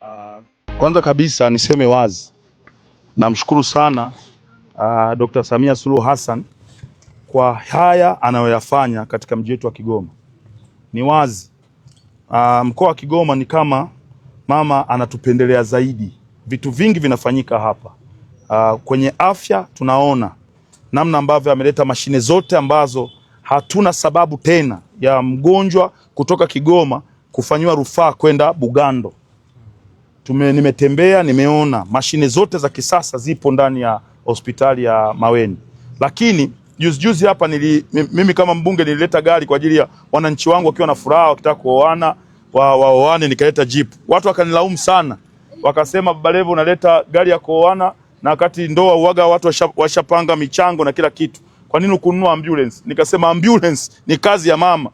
Uh, kwanza kabisa niseme wazi, namshukuru sana uh, Dr. Samia Suluhu Hassan kwa haya anayoyafanya katika mji wetu wa Kigoma. Ni wazi uh, mkoa wa Kigoma ni kama mama anatupendelea zaidi. Vitu vingi vinafanyika hapa uh, kwenye afya tunaona namna ambavyo ameleta mashine zote ambazo hatuna sababu tena ya mgonjwa kutoka Kigoma kufanyiwa rufaa kwenda Bugando tume, nimetembea nimeona mashine zote za kisasa zipo ndani ya hospitali ya Maweni, lakini juzi juzi hapa nili, mimi kama mbunge nilileta gari kwa ajili ya wananchi wangu wakiwa na furaha wakitaka kuoana waoane wa, nikaleta jeep. Watu wakanilaumu sana, wakasema Baba Levo unaleta gari ya kuoana na wakati ndoa uaga watu washapanga washa michango na kila kitu, kwa nini kununua ambulance? Nikasema ambulance ni kazi ya mama,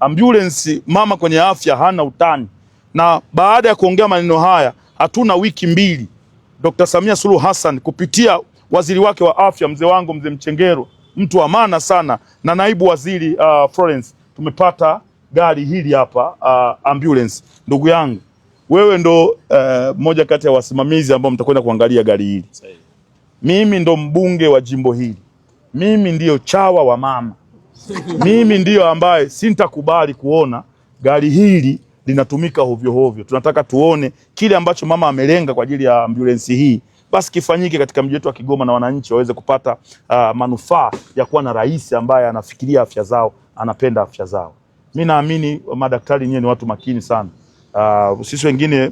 ambulance mama kwenye afya hana utani. Na baada ya kuongea maneno haya, hatuna wiki mbili, Dr. Samia Suluhu Hassan kupitia waziri wake wa afya, mzee wangu, mzee Mchengero, mtu wa maana sana, na naibu waziri uh, Florence, tumepata gari hili hapa uh, ambulance. Ndugu yangu wewe ndo uh, mmoja moja kati ya wasimamizi ambao mtakwenda kuangalia gari hili. Mimi ndo mbunge wa jimbo hili, mimi ndiyo chawa wa mama mimi ndiyo ambaye sintakubali kuona gari hili linatumika hovyo hovyo. Tunataka tuone kile ambacho mama amelenga kwa ajili ya ambulensi hii basi kifanyike katika mji wetu wa Kigoma na wananchi waweze kupata uh, manufaa ya kuwa na rais ambaye anafikiria afya zao, anapenda afya zao. Mi naamini madaktari nyewe ni watu makini sana. Uh, sisi wengine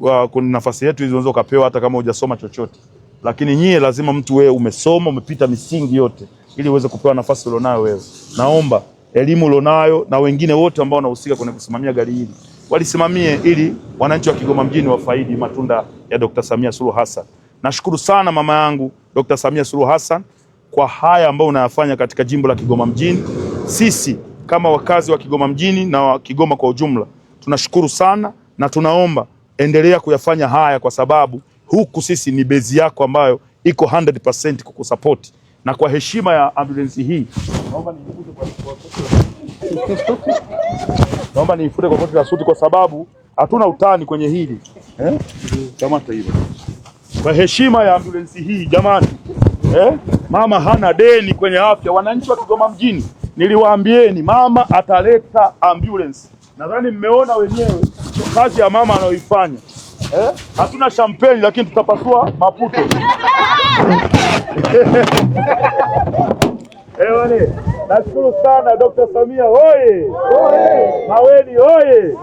uh, kuna nafasi yetu hizo unaweza ukapewa hata kama hujasoma chochote, lakini nyie lazima mtu wewe umesoma umepita misingi yote ili uweze kupewa nafasi ulionayo wewe. Naomba elimu ulionayo na wengine wote ambao wanahusika kwenye kusimamia gari hili walisimamie ili wananchi wa Kigoma mjini wafaidi matunda ya Dr. Samia Suluhu Hassan. Nashukuru sana mama yangu Dr. Samia Suluhu Hassan kwa haya ambayo unayafanya katika jimbo la Kigoma mjini. Sisi kama wakazi wa Kigoma mjini na wa Kigoma kwa ujumla tunashukuru sana na tunaomba endelea kuyafanya haya, kwa sababu huku sisi ni bezi yako ambayo iko 100% kukusupport na kwa heshima ya ambulensi hii naomba naomba niifute kwa koti la suti, kwa sababu hatuna utani kwenye hili eh? hilo kwa heshima ya ambulensi hii jamani eh? Mama hana deni kwenye afya. Wananchi wa Kigoma mjini, niliwaambieni mama ataleta ambulensi. Nadhani mmeona wenyewe kazi ya mama anayoifanya eh? Hatuna champagne lakini tutapasua maputo hewani. nashukuru sana Dr. Samia oye! Maweni oye!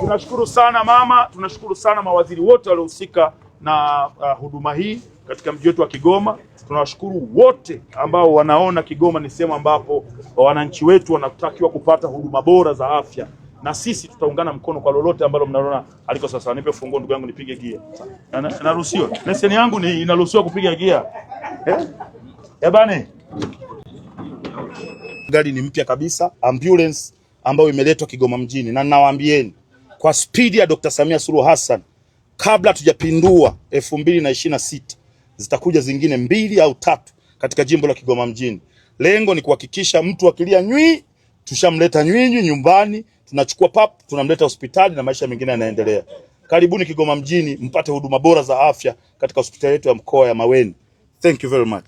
Tunashukuru sana mama, tunashukuru sana mawaziri wote waliohusika na uh, huduma hii katika mji wetu wa Kigoma. Tunawashukuru wote ambao wanaona Kigoma ni sehemu ambapo wananchi wetu wanatakiwa kupata huduma bora za afya, na sisi tutaungana mkono kwa lolote ambalo mnaona aliko. Sasa nipe funguo ndugu yangu nipige gia, naruhusiwa leseni yangu ni inaruhusiwa kupiga gia eh? Ebane eh, gari ni mpya kabisa, ambulance ambayo imeletwa Kigoma mjini, na ninawaambieni kwa spidi ya Dr. Samia Suluhu Hassan kabla tujapindua elfu zitakuja zingine mbili au tatu katika jimbo la Kigoma mjini. Lengo ni kuhakikisha mtu akilia nywi, tushamleta nyinyi nyumbani, tunachukua pap, tunamleta hospitali na maisha mengine yanaendelea. Karibuni Kigoma mjini mpate huduma bora za afya katika hospitali yetu ya mkoa ya Maweni. Thank you very much.